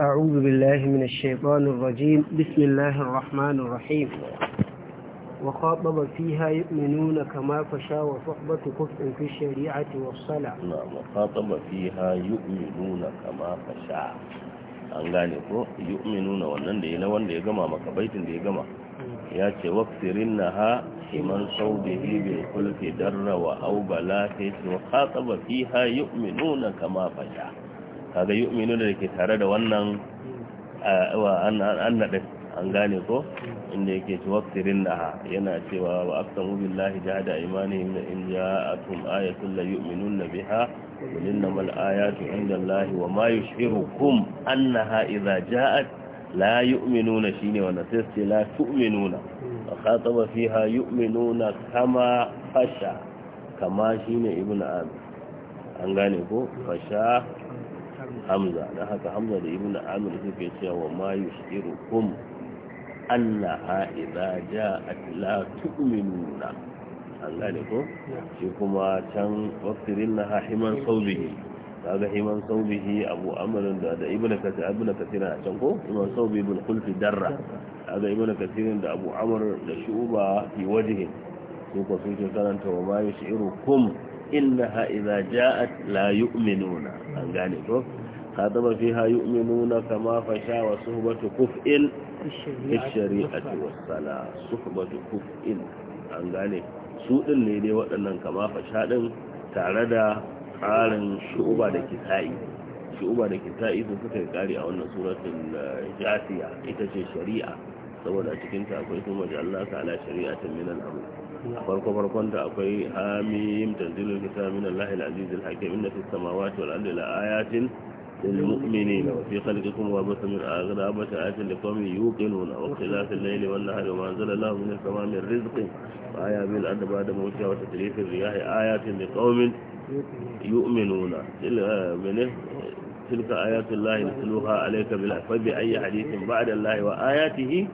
أعوذ بالله من الشيطان الرجيم بسم الله الرحمن الرحيم وخاطب فيها يؤمنون كما فشى وصحبة كفء في الشريعة والصلاة نعم وخاطب فيها يؤمنون كما فشى أنغاني كو يؤمنون ونن دينا ونن ديغما مكبيت ديغما ياتي في من صوبه بالخلف در وأوبلاته وخاطب فيها يؤمنون كما فشى kaga yu'minu da ke tare da wannan an naɗe an gane ko inda yake ci waktirin da yana cewa wa aksamu billahi jahada imanihim la in ja'atum ayatun la wajen biha qul su inda lahi wa ma na annaha iza jaad la shi ne wanda sai ce la tu'minuna fi ha fiha yu'minuna kama fasha kama ne ibnu amir an gane ko fasha hamza na haka hamza da ibn amir suke cewa wa ma ha annaha idza ja'at la tu'minuna an gane ko shi kuma can waqtirin na himan saubihi kaga himan saubihi abu amr da da ibn kasir ibn kasir a can ko himan saubi ibn kulfi darra kaga ibn kasir da abu amr da shuba fi wajhi su ko sun karanta wa ma kum? innaha idza ja'at la yu'minuna an gane ko khadama fiha yu'minuna kama fasha wa suhbatu kuf'in fi shari'ati was sala suhbatu kuf'in an gane su din ne dai waɗannan kama fasha din tare da ƙarin shu'uba da kitai shu'uba da kitai su suka kare a wannan suratul eh, jasiya ita ce shari'a saboda cikin ta akwai kuma da Allah ta'ala shari'atan min al-amr farko farkon da akwai hamim tanzilul kitabin Allahil aziz alhakim inna fis samawati wal ardi la ayatin lil mu'minin wa fi khalqikum wa ma tasmir aghra ba ta'atin li qawmin yuqinun wa ikhtilaf al-layl wan nahar wa anzala rizqin wa aya bil ardi ba'da mawtiha wa tadrif ar-riyah ayatin li qawmin yu'minuna illa bihi eh, تلك آيات الله نتلوها عليك بالأحفظ بأي حديث بعد الله وآياته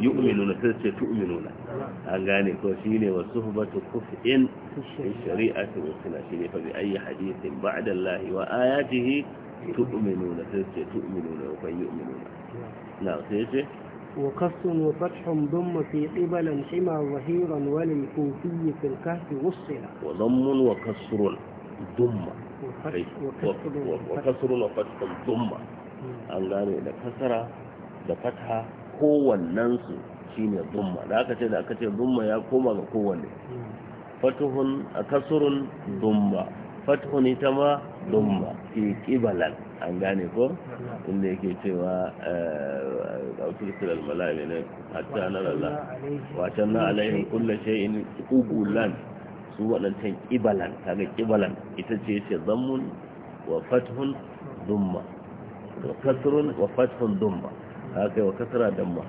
يؤمنون تلك تؤمنون أنغاني كوشيني وصحبة كفء في الشريعة وصناشيني فبأي حديث بعد الله وآياته تؤمنون تلك تؤمنون وفن يؤمنون نعم تلك وقص وفتح ضم في قبلا حما ظهيرا وللكوفي في الكهف وصلا وضم وكسر ضم wa kasrun fathun hmm. an gane da kasara da fatha kowannen su shine thumma da aka ce da aka ce thumma ya koma ga kowanne hmm. fatuhun a kasurun thumma fatuhun ita ma thumma hmm. fi qibalan an gane ko inda yake cewa ɗaukar sirar malami ne hatta na lalla wacan na alaihin kulle shayin kubulan su waɗancan ƙibalan kaga ƙibalan ita ce ce zammun wa fathun dumma wa kasrun wa fathun dumma kaga kai wa kasra damma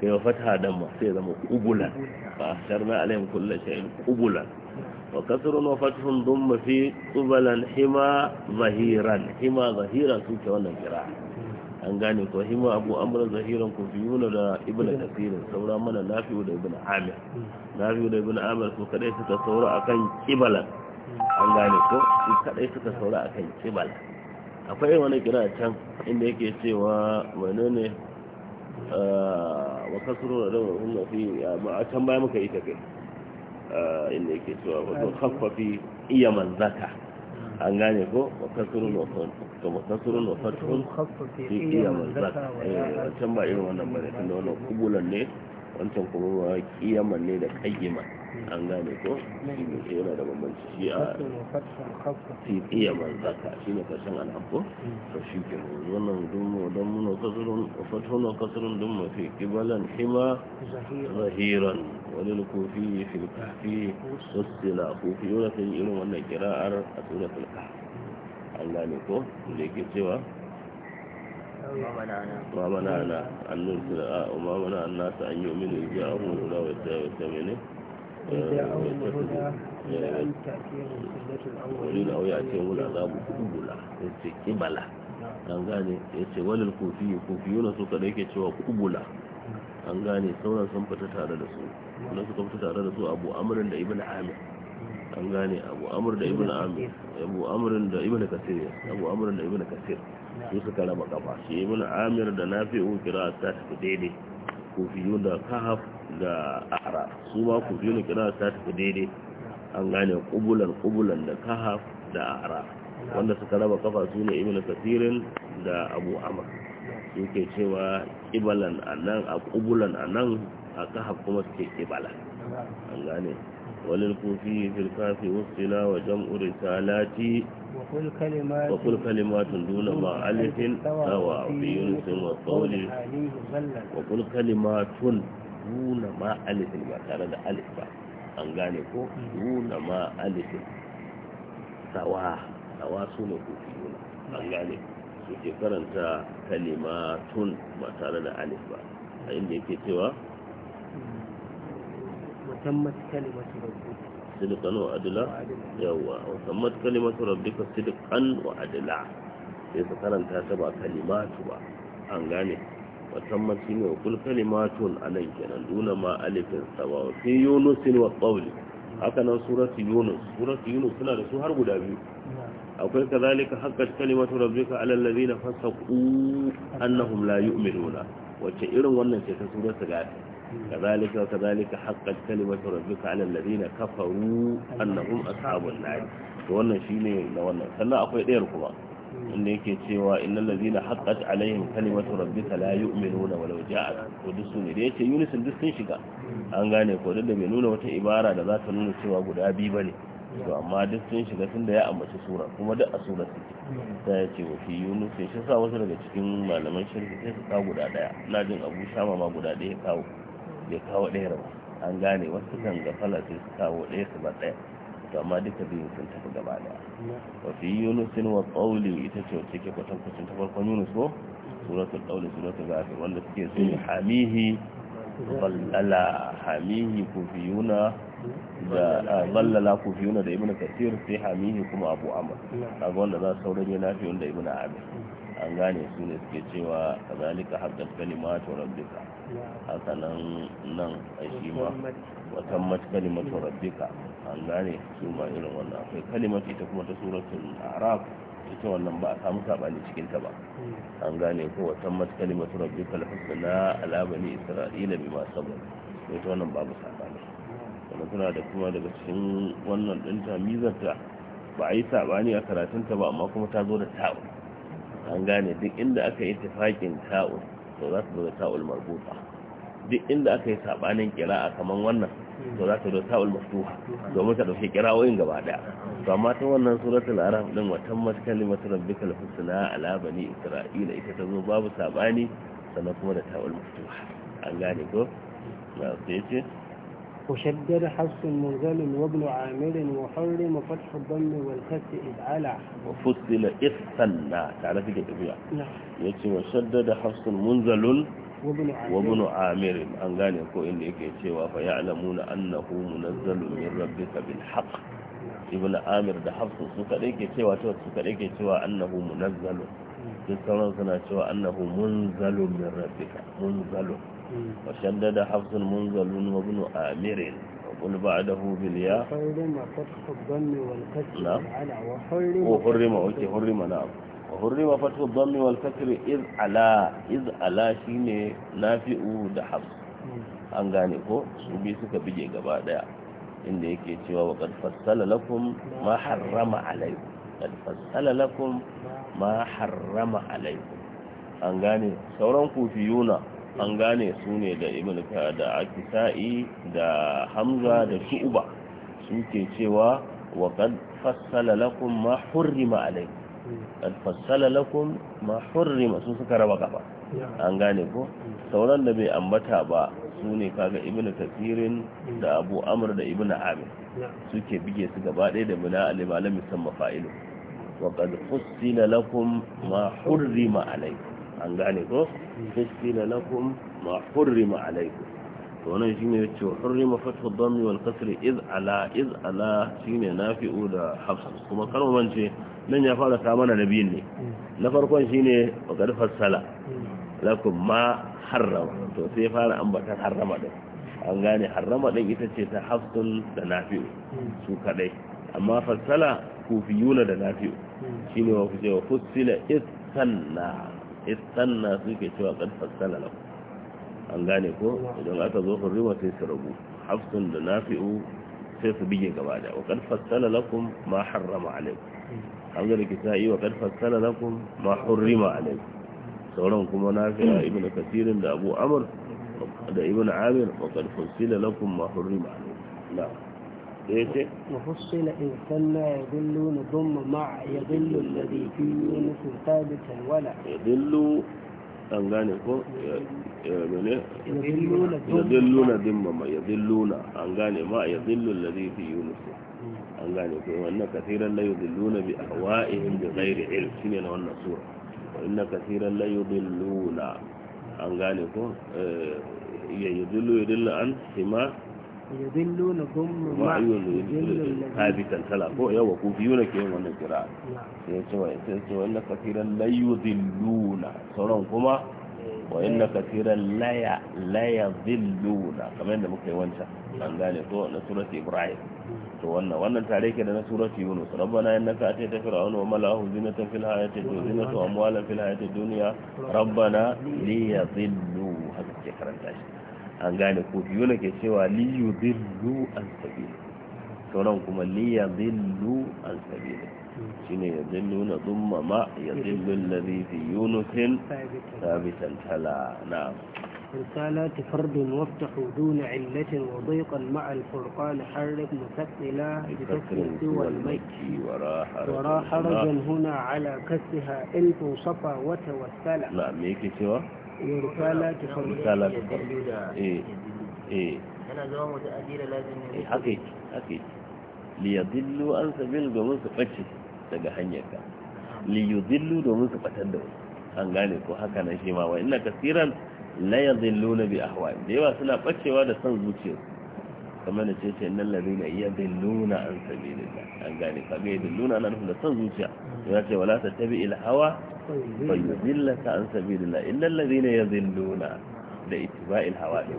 kai wa fatha damma sai zama ƙugulan fa asharna alaihim kullu shay'in ƙugulan wa kasrun wa fathun dumma fi ƙubalan hima zahiran hima zahiran su ke wannan kira'a an gane ko hima abu amra zahiran kufiyuna da ibn kasir saura mana nafi'u da ibn amir nafi'u da ibn amir ko kadai suka saura akan kibala an gane ko su kadai suka saura akan kibala akwai wani kira can inda yake cewa ne uh, wa kasuru da wannan fi a can baya muka yi ta kai uh, inda yake cewa wani khaffafi iya manzaka an gane ko makasurun wafatun fi iya manzak eh, wancan ba irin wannan bane tunda wannan kubulan ne wancan kuma kiyaman ne da kayyiman an gane ko shi yana da bambanci shi a iya manzaka shi ne karshen al'abbo to shi ke wannan dummo don muna kasurun fatuna kasurun dummo fi kibalan hima zahiran wani kofi fi kafi wasu kofi yana kan irin wannan kira'ar a suratul kafi an gane ko da yake cewa ما منعنا أن نرسل ما yi الناس أن يؤمنوا إذ جاءهم الهدى ويتبعوا إذا أول هنا إلى أن تأتيهم سنة الأولين أو يأتيهم العذاب قبلا استقبلا an gane ya ce walil kofi kofiyu na suka da yake cewa kubula an gane sauran sun fita tare da su wanda suka fita tare da su abu amurin da ibn amir an gane abu amur da ibn amir abu amurin da ibn kasir abu amurin da ibn kasir su suka raba kafa shi ibn amir da nafi'u kira ta tafi daidai kofiyu da kahaf da ara su ma ku biyu kira ta tafi daidai an gane kubulan kubulan da kahaf da ara wanda suka raba kafa su ne ibn kasirin da abu amr su ke cewa kibalan anan a kubulan anan a kahaf kuma suke kibala an gane walil kufi fil kafi wasila wa jam'u risalati وقل ma وقل كلمات دون ما ألف سواء في يونس والطول وقل nuna ma alifin ba tare da alif ba an gane ko nuna ma alifin sawa sawa su ne fi nuna an gane su ke karanta kalima tun ba tare da alif ba a inda yake cewa musamman kalimatu rabbuka sidqan wa adla yawa musamman kalimatu rabbika sidqan wa adila sai su karanta ta ba kalimatu ba an gane watamman shi ne wakulka ne matun a nan kenan nuna ma alifin saba wa fi yunus ne wa tsawuli haka nan yunus suna da su har guda biyu akwai ka zalika haka kalimatu rabbika alallazi na fasa ku annahum la wacce irin wannan ce ta surati gata كذلك وكذلك حقت كلمة ربك على الذين كفروا أنهم أصحاب النار وانا شيني لو انا سنة أقول إيه inda yake cewa innal ladina haqqat alaihim kalimatu rabbika la yu'minuna law ja'at ko duk sun da yace Yunus duk sun shiga an gane ko da bai nuna wata ibara da za ta nuna cewa guda biyu bane to amma duk sun shiga tun da ya ambaci sura kuma duk a sura take sai ya ce wafi yunus ya sa wasu daga cikin malaman shirki sai su kawo guda daya na jin abu shama ma guda daya kawo bai kawo daya ba an gane wasu kan gafala sai su kawo daya su ba daya to amma duka biyun sun tafi gaba daya wa fi yunusin wa qawli ita ce wacce ke kwatan kwatan ta farkon yunus ko suratul qawli suratul ghafir wanda suke sun hamihi ballala hamihi kufiyuna da ballala kufiyuna da ibnu kathir sai hamihi kuma abu amr kaga wanda za sauran yana fi wanda ibnu amir an gane su ne suke cewa kazalika haddar kalimatu rabbika haka nan nan a shi ma watan mat kalimatu rabbika an gane su ma irin wannan akwai kalimatu ita kuma ta suratun arab ita wannan ba a samu sabani cikin ta ba an gane ko watan mat kalimatu rabbika alhusna na bani isra'ila bima sabon ita wannan babu sabani wannan tana da kuma daga cikin wannan ɗinta mizarta ba a yi sabani a karatunta ba amma kuma ta zo da ta'u an gane duk inda aka yi tafakin ta'ul to za su zo ta'ul marbuta duk inda aka yi sabanin kira'a kaman wannan to za su zo ta'ul maftuha domin ta dauke kira'o'in gaba daya to amma ta wannan suratul araf din watan maskalmatu rabbikal husna ala bani isra'ila ita ta zo babu sabani sannan kuma da ta'ul maftuha an gane ko na sai ce وشدد حفص منزل وابن عامر وحرم فتح الضم والخس إذعلع وفصل إثنى تعرف كيف نعم يتي وشدد حفص منزل وابن عامر أن قال يكون إني كيتي فيعلمون أنه منزل من ربك بالحق ibn amir da hafsu su kaɗai ke cewa cewa su kaɗai ke cewa annahu munazzalun duk sauran suna cewa annahu munzalun min rabbika munzalun وشدد حفظ المنزل وابن آمر وقل بعده بالياء وحرم فتح الضم والكسر نعم وحرم وحرم اوكي حرم نعم وحرم فتح الضم والكسر إذ على إذ على شيني نافئ ده حفظ an gane ko su bi suka bige gaba ɗaya. inda yake cewa wa qad fassala ma harrama alaykum qad fassala lakum ma harrama alaykum an gane sauran kufiyuna an gane su ne da ibn da akisa'i da hamza da shu'ba suke cewa wa kan fassala lakum ma hurrima alaykum kan hmm. fassala lakum ma hurrima su suka raba gaba an gane ko hmm. sauran da bai ambata ba su ne kaga ibn kafirin hmm. da abu amr da ibn amir suke bige su gaba ɗaya da bina alimalami musamman mafa'ilu wa kan fassala lakum ma hurrima alaykum an gane ko kila lakum ma hurrima alaikum to wannan shine yace hurrima fathu dhammi wal kasr iz ala iz ala shine nafi'u da hafsa kuma kalmar ce nan ya fara ta mana nabiyin ne na farkon shine wa qad fassala lakum ma harrama to sai fara ambatar harrama din an gane harrama din ita ce ta hafsun da nafi'u su kadai amma fasala kufiyuna da nafi'u shine wa kuje wa fussila sanna. istanna suke cewa kan fassala lahu an gane ko idan aka zo hurriwa sai su rubu hafsun da nafi'u sai su bige gaba da wa kan fassala lakum ma harrama alaikum an gane kitai wa kan fassala lakum ma hurrima alaikum sauran kuma nafi'a ibnu kasirin da abu amr da ibnu amir wa kan fassala lakum ma hurrima alaikum na'am ليش؟ مفصل إن سمى يدل نضم مع يضل الذي في يونس ثابتا ولا يدل أنغاني يدلون ضم ما يضلون أنغاني ما يدل الذي في يونس أنغاني وأن كثيرا لا يضلون بأهوائهم بغير علم شنو أنا يعني وانا سورة وأن كثيرا لا يضلون أنغاني كو يضل آه، يدل عن سماه يدلون ضم مع يدل ثابتا تلا كو يوا كوفيونا كي wannan kira sai ce wa sai ce kuma wa inna kafiran la kamar wancan na ibrahim to wannan wannan tare ke da na surati yunus rabbana innaka atayta fir'auna wa mala'ahu zinatan fil hayati dunya wa amwalan fil hayati dunya rabbana liyadillu haka ke karanta shi an gane ko yola ke cewa li yudillu an sabili sauran kuma li yadillu an ne ya dillu na thumma ma ya dillu alladhi fi yunusin sabitan tala na'am رسالات فرد وافتح دون علة وضيقا مع الفرقان حرك مثقلا بكسر سوى المكي وراح رجل هنا على كسها إلف صفا وتوسلا نعم ميكي سوى risala ta farko risala ta farko eh, eh, eh yana zama mutu ajira lazimi eh haka yake li yadillu an sabil domin su bace daga hanyar ka li yudillu domin su batar da wasu an gane ko haka nan shi ma wa inna kasiran la yadilluna bi ahwa'i da yawa suna bacewa da son zuciya kamar da ce ce nan lalina iya dilluna an sabilillah an gane kaga ya dilluna nan da son zuciya ya ce wala ta tabi ila hawa fayyuzillaka an sabilillah illal ladina yadhilluna da ittiba'il hawa'i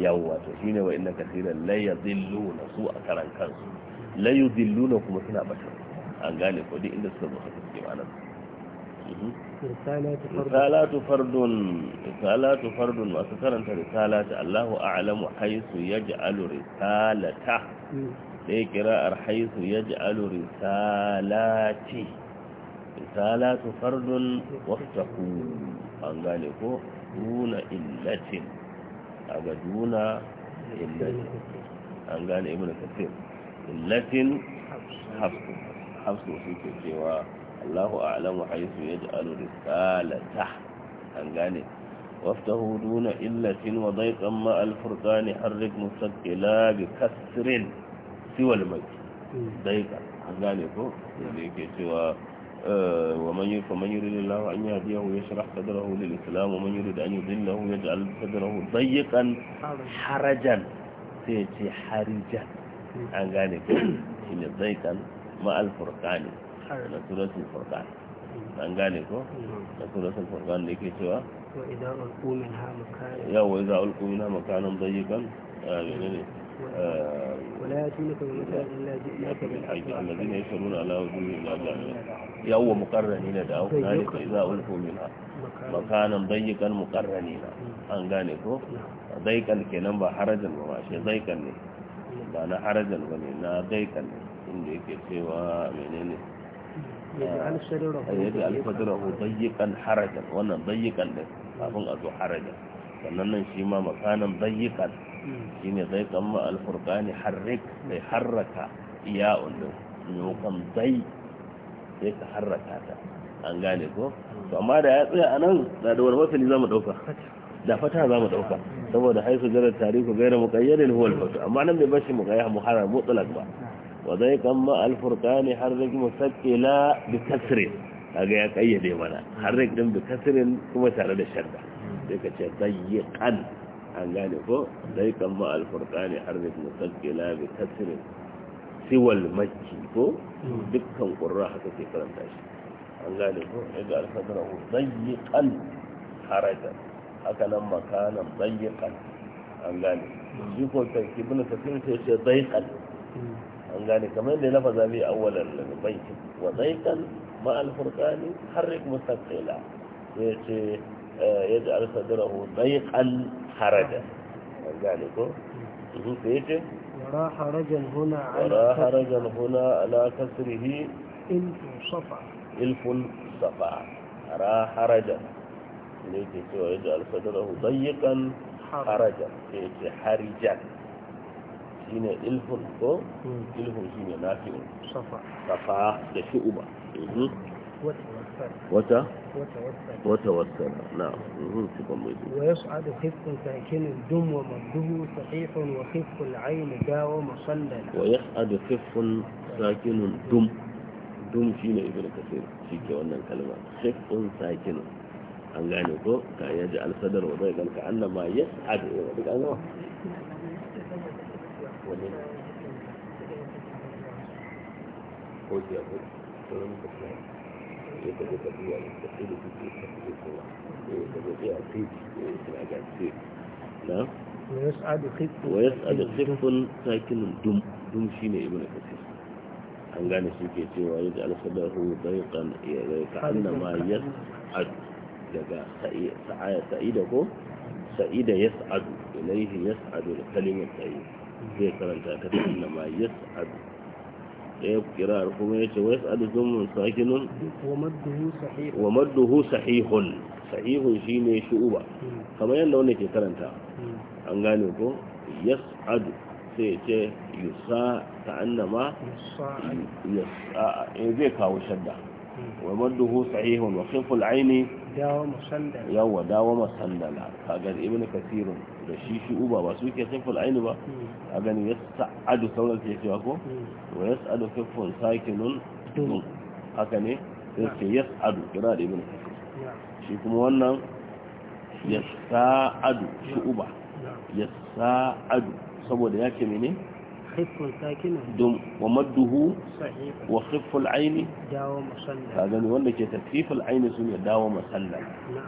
yawwa to shine wa inna kaseeran la yadhilluna su a karan kansu la yudhilluna kuma suna bata an gane ko inda suka zo haka suke ma'anar risalatu fardun risalatu masu karanta risalata Allahu a'lamu haythu yaj'alu risalata da ya haythu yaj'alu رسالات فرد واختقون فانقالك دون إلة أبا دون إلة فانقال ابن كثير إلة حفظ حفظ فيك سوى الله أعلم حيث يجعل رسالة فانقال وفته دون إلة وضيق ماء الفرقان حرك مستقلا بكسر سوى المجد ضيق فانقالك يجعل رسالة ومن فمن يريد الله أن يهديه ويشرح صدره للإسلام ومن يريد أن يضله يجعل صدره ضيقا حرجا سيأتي حرجا عن ذلك shine zaitan ma'al furqani na suratul an gane ko na suratul furqan da yake cewa wa idan ulqu minha makanan yawa idan ulqu minha makanan dayiqan ne ولا يأتونك بمثال إلا جئناك بالحق الذين يسألون على وجوههم الأجانب يوم مقرنين دعوا هنالك إذا ألفوا منها مكانا ضيقا مقرنين an gane ko zaikan kenan ba harajan ba shi zaikan ne ba harajan ba ne na zaikan ne inda yake cewa menene yadda alfadirahu zayyikan harajan wannan ne a zo harajan sannan nan shi ma makanan zayyikan shine zai kama alfurqani harrik bai harraka iya undin kam zai sai ka harraka ta an gane ko to amma da ya tsaya a nan na da wani masali za mu ɗauka da fata za mu ɗauka saboda haifu tarihi tarihu gaira muƙayyadin huwal fata amma nan bai bashi muƙayyar mu tsalak ba wa zai kama alfurqani harrik la bi kasrin kaga ya kayyade mana harrik din bi kasrin kuma tare da sharda sai ka ce zayyiqan an gane ko zai kan ma alfurqani harfin musaqqila bi kasrin siwal makki ko dukkan qurra haka ke karanta shi an gane ko daga alfadra udayyiqan haraja haka nan makanan dayyiqan an gane shi ko sai ibn kasir sai ce dayyiqan an gane kamar da lafaza bi awwalan bayt wa dayyiqan ma alfurqani harrik musaqqila sai ce آه، يجعل صدره ضيقا حرجا ذلك فيجب ولا حرجا هنا على وراح حرجا هنا على كسره إلف صفع إلف صفع راح حرجا ليك يجعل صدره ضيقا حرجا حرجا هنا إلف هو إلف شين نافع صفع صفع لشؤبة وتر وتوسل وتوسل نعم ويصعد خف ساكن الدم ومده صحيح وخف العين جاو مصلى ويصعد خف ساكن الدم دم شين ابن كثير في كون الكلمة خف ساكن أن يعني كان يجعل صدر وضيق كأنما يصعد Thank you. sai ka zo ka da su da suke ka zo kowa sai ka zo sai a kai sai a gaske na ويسأل خف ساكن دم دم شيني ابن كثير an gane shi ke cewa yadda alfadahu daiƙan ka'anna ma yas'ad daga sa'aya sa'ida ko sa'ida yas'adu ilaihi yas'adu da kalimar tsaye zai karanta ta ka'anna ma yas'adu ɗaya kira kuma ya ce wai sa'adu zumun sakinun wa madduhu sahihun sahihun shi ne shu'uba hmm. kamar yadda wanda ke karanta hmm. an gane ko yas'adu sai ya ce yusa ta annama eh, zai kawo shadda ومده صحيح وخف العين داوم سندل يوا داوم سندل kaga ibn kasir da shi shi uba ba ke khif al-ain ba a gani yas'adu sauran ke cewa ko wa yas'adu khifun sakinun haka ne sai yas'adu kira da ibn kasir shi kuma wannan yas'adu shi uba yas'adu saboda yake mene خف ساكنة دم ومده صحيح وخف العين داو مسلل هذا wanda ke takfifin aini sun ya dawo masalla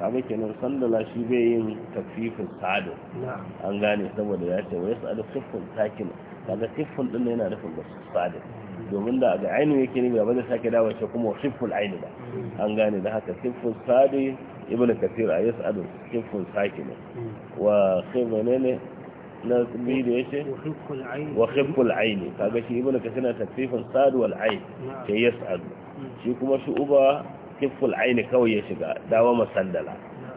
kaga kenan sallala shi bai yin takfifin sa'adu an gane saboda ya ce wa yas'alu khiffun sakin kaga khiffun din yana nufin da sa'adu domin da ga ainu yake ne ba zai sake dawo ce kuma khifful aini ba an gane da haka khiffun sa'adu ibnu kathir a yas'alu khiffun sakin wa khifun ne na biyu da yace wa khifful aini kaga shi ibnu kasir na sadu wal ain ke yas'adu shi kuma shi uba khifful aini kawai ya shiga dawa masandala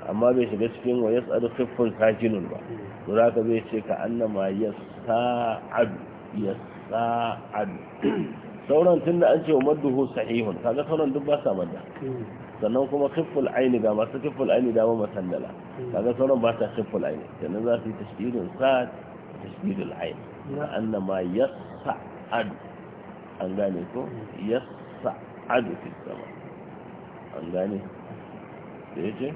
amma bai shiga cikin wa yas'adu khiffun sajinun ba to zaka bai ce ka annama ya ya yas'ad sauran tunda an ce wa madduhu sahihun kaga sauran duk ba sa madda sannan kuma khifful aini ga masu khifful aini da ma sandala kaga sauran ba ta khifful aini sannan za su yi tashdidun sa'ad tashdidul aini ka annama yas'adu an gane ko yas'adu fi sama an gane da yace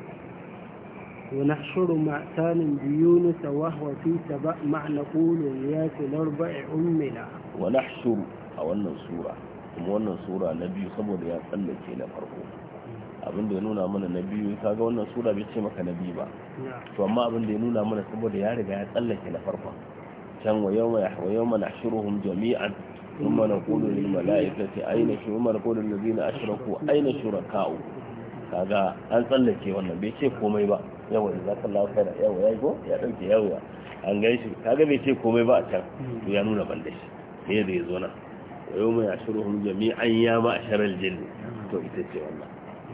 ونحشر مع ثان بيونس وهو في سبأ مع نقول إياك الأربع أمنا ونحشر أو أن سورة kuma wannan sura na biyu saboda ya tsallake na farko abin da ya nuna mana na biyu kaga wannan sura bai ce maka na biyu ba to amma abin da ya nuna mana saboda ya riga ya tsallake na farkon can wa yau mana yawma nahshuruhum jami'an thumma naqulu lil mala'ikati ayna shuraka naqulu lil ladina ashraku ayna shuraka'u kaga an tsallake wannan bai ce komai ba yawa jazakallahu khaira yawa yayi ko ya dauke yawa an gaishe kaga bai ce komai ba a can to ya nuna ban da shi me zai zo nan mai yawma yashuruhum jami'an ya ma asharal jinn to ita ce wannan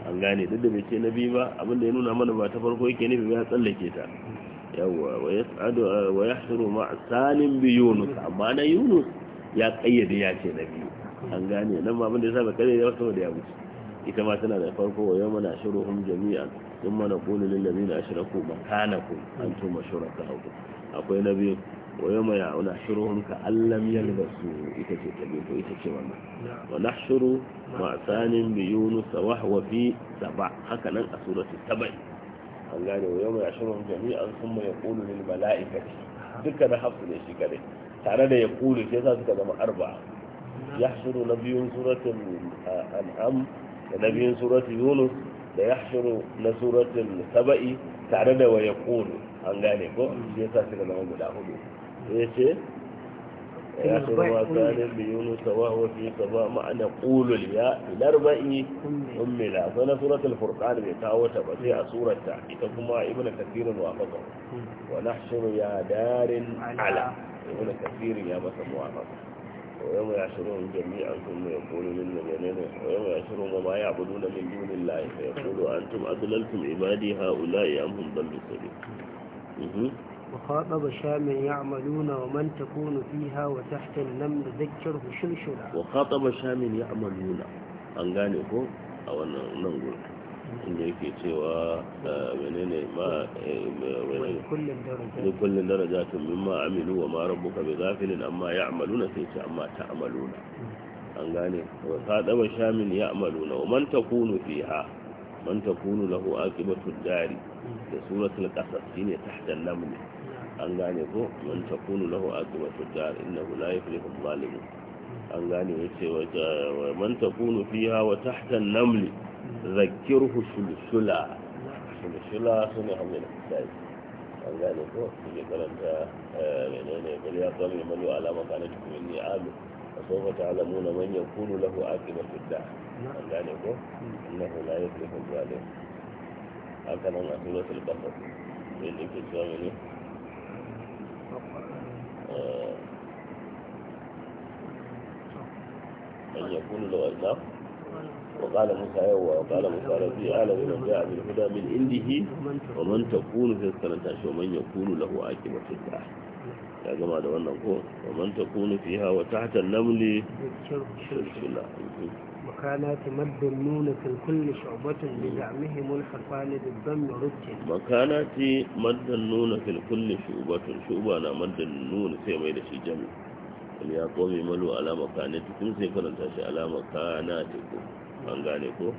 an gane duk da bai ce na biyu ba abinda ya nuna mana ba ta farko yake nufi ya tsallake ta yawwa wa yas'adu wa yahsuru ma bi yunus amma na yunus ya kayyade ya ce na biyu an gane nan ma abinda ya sa ba kare ya wasu da ya wuce ita ma tana da farko wa yau mana hun jami'a sun mana kulu lillazina ashraku makanakum antum shuraka akwai na biyu ويوم نحشرهم كأن لم يلبسوا إتكتبوا إتكتبوا ونحشر معسان بيونس وهو في سبع هكذا سورة السبع قال ويوم يحشرهم جميعا ثم يقول للملائكة duka da hafsu ne shi kare tare da ya kulu ke za su ka zama arba ya na biyun suratun an'am da na biyun suratun yunus da ya na tare da ya shi ya sa suka guda hudu ce ya turwa salim bi yunus wa huwa fi ma'ana qulul ya larba'i ummila sana suratul furqan bai kawo ta ba sai a surarta ita kuma ibnu kathir wa faqa hmm. wa nahshuru ya darin ala ibnu kathir ya masa muwafaqa ويوم يحشرهم جميعا ثم يقول للمجانين ويوم يحشرهم وما يعبدون من دون الله فيقول أنتم أضللتم عبادي هؤلاء أم هم ضلوا سبيل وخاطب شاما يعملون ومن تكون فيها وتحت النمل ذكره شلشلا وخاطب شاما يعملون أنغانيكو أو ننقل inda yake cewa menene ma ne kullum darajatun mimma aminu wa ma ka bi ghafilin amma ya'maluna sai ce amma ta'maluna an gane wa sadaba shamin ya'maluna wa man takunu fiha man takunu lahu aqibatu dari da suratul qasas shine tahta an an gane ko man takunu lahu aqibatu dar innahu la yuflihu adh-dhalimun an gane yace wa man takunu fiha wa tahta an-naml zakkirhu sulsula sulsula sunan hamina dai an gane ko ne karanta menene bal ya qalli man wa alama kana tukuni alu فسوف تعلمون من يكون له عاقبة الدار an gane ko innahu la yuflihu adh-dhalimun haka nan a suratul baqara ne yake cewa ne كل الله وقال موسى يوى وقال موسى ربي أعلم من جاء بالهدى من عنده ومن تكون في السنة ومن يكون له عاقبة الدار يا جماعة وانا نقول ومن تكون فيها وتحت النمل سلسلة وكان تمد النون في الكل شعبة بزعمهم الحفان بالضم رجل وكانت مد النون في الكل شعبة شعبة أنا مد النون سيما إلى شي جميل ya komi malu alama ne tukun sai karanta shi alama na teku an gane ko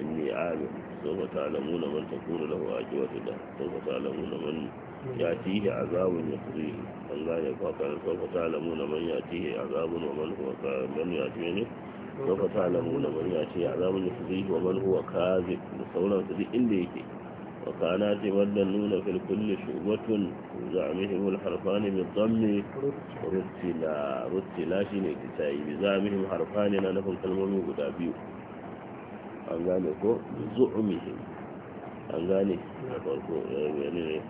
inni alu sau ka alamu na man takuru da wa ake wata da sau ka alamu na man ya a azabun ya turi an gane ko kan sau ka alamu na man ya a azabun wa man kuma ka man ya ci ne sau ka alamu na man ya a azabun ya turi wa man huwa ka zai da sauransu duk inda yake وقالات والدلون في الكل شعبة وزعمهم الحرفان بالضم رتلا رتلا شيني كتاي بزعمهم حرفان أنا لهم كلمة قد أبيو أنغاني كو زعمهم أنغاني يعني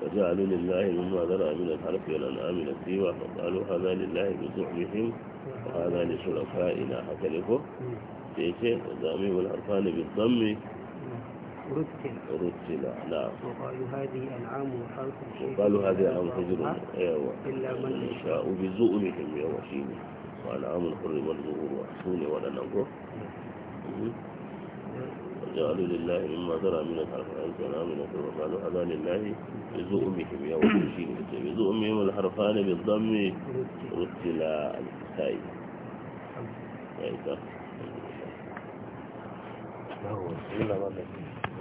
فجعلوا لله مما ذرى من الحرف والأنعام نسيبا فقالوا هذا لله بزعمهم وهذا لشركائنا هكذا كو تيجي زعمهم الحرفان بالضم رتل رتل نعم وقال هذه أنعام وحرث وقالوا هذه أنعام حجر أيوة إلا من يشاء بزؤمهم يا وشيم وأنعام حرم الظهور وحسون ولا نظر نعم. وجعلوا لله مما ذرى من الحرف كلام من وقالوا هذا لله بزؤمهم يا وشيم بزؤمهم الحرفان بالضم رتل الكتائب Thank you.